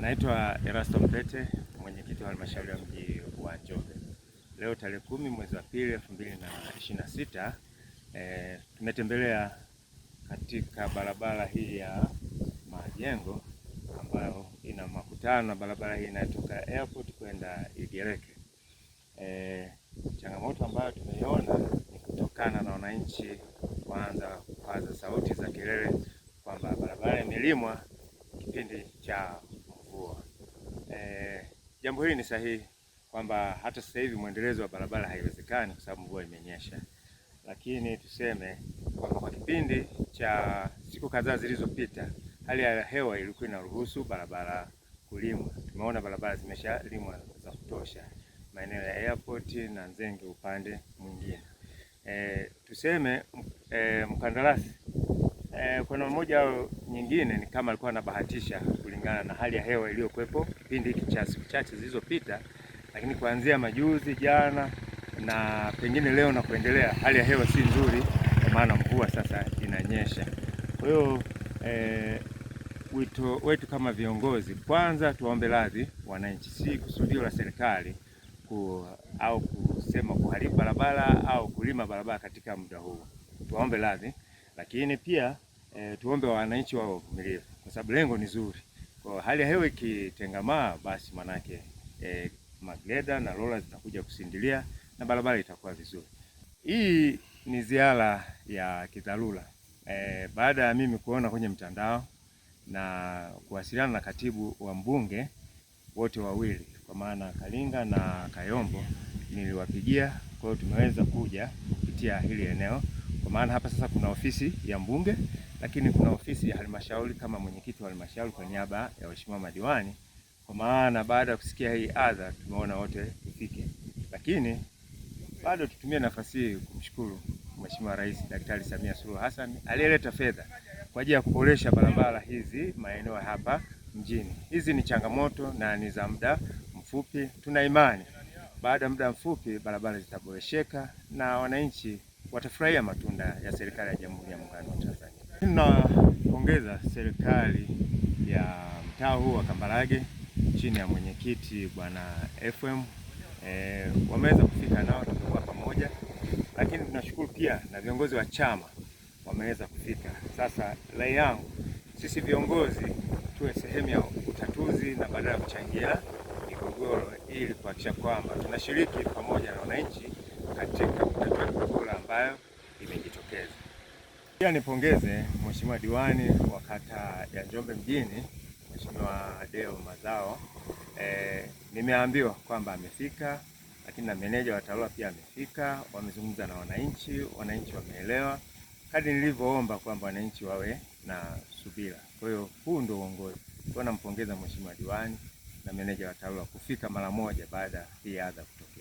Naitwa Erasto Mpete, mwenyekiti wa halmashauri ya mji wa Njombe. Leo tarehe kumi mwezi wa pili elfu mbili na ishirini na sita e, tumetembelea katika barabara hii ya majengo ambayo ina makutano na barabara hii inayotoka airport kwenda Igereke. E, changamoto ambayo tumeiona ni kutokana na wananchi kuanza kupaza sauti za kelele kwamba barabara imelimwa kipindi cha Jambo hili ni sahihi kwamba hata sasa hivi mwendelezo wa barabara haiwezekani kwa sababu mvua imenyesha, lakini tuseme kwamba kwa kipindi cha siku kadhaa zilizopita hali ya hewa ilikuwa inaruhusu barabara kulimwa. Tumeona barabara zimeshalimwa za kutosha maeneo ya airport na Nzenge upande mwingine. E, tuseme e, mkandarasi Eh, kuna mmoja nyingine ni kama alikuwa anabahatisha kulingana na hali ya hewa iliyokuwepo kipindi hiki cha siku chache zilizopita, lakini kuanzia majuzi, jana na pengine leo na kuendelea, hali ya hewa si nzuri, kwa maana mvua sasa inanyesha. Kwa hiyo eh, wito wetu kama viongozi, kwanza tuwaombe radhi wananchi. Si kusudio la serikali ku, au kusema kuharibu barabara au kulima barabara katika muda huu, tuwaombe radhi, lakini pia e, tuombe wananchi wao wavumilivu kwa sababu lengo ni zuri. Kwa hali ya hewa ikitengamaa, basi manake e, eh, magleda na lola zitakuja kusindilia na barabara itakuwa vizuri. Hii ni ziara ya kidharura e, baada ya mimi kuona kwenye mtandao na kuwasiliana na katibu wa mbunge wote wawili kwa maana Kalinga na Kayombo niliwapigia. Kwa hiyo tumeweza kuja kupitia hili eneo, kwa maana hapa sasa kuna ofisi ya mbunge lakini kuna ofisi ya halmashauri kama mwenyekiti wa halmashauri kwa niaba ya waheshimiwa madiwani, kwa maana baada ya kusikia hii adha tumeona wote tufike, lakini bado tutumie nafasi hii kumshukuru Mheshimiwa Rais Daktari Samia Suluhu Hassan aliyeleta fedha kwa ajili ya kuboresha barabara hizi maeneo hapa mjini. Hizi ni changamoto na ni za muda mfupi, tuna imani baada ya muda mfupi barabara zitaboresheka na wananchi watafurahia matunda ya serikali ya Jamhuri ya Muungano wa Tanzania. Tunapongeza serikali ya mtaa huu wa Kambarage chini ya mwenyekiti Bwana FM e, wameweza kufika nao, tumekuwa pamoja, lakini tunashukuru pia na viongozi wa chama wameweza kufika. Sasa rai yangu sisi viongozi tuwe sehemu ya utatuzi na badala ya kuchangia migogoro, ili kuhakikisha kwamba tunashiriki pamoja na wananchi katika kutatua migogoro ambayo imejitokeza. Pia nipongeze Mheshimiwa diwani wa kata ya Njombe mjini Mheshimiwa Deo Mazao. E, nimeambiwa kwamba amefika, lakini na meneja wa TARURA pia amefika, wamezungumza na wananchi, wananchi wameelewa kadi nilivyoomba kwamba wananchi wawe na subira. Kwa hiyo huu ndio uongozi. Nampongeza Mheshimiwa diwani na meneja wa TARURA kufika mara moja baada ya adha kutoka.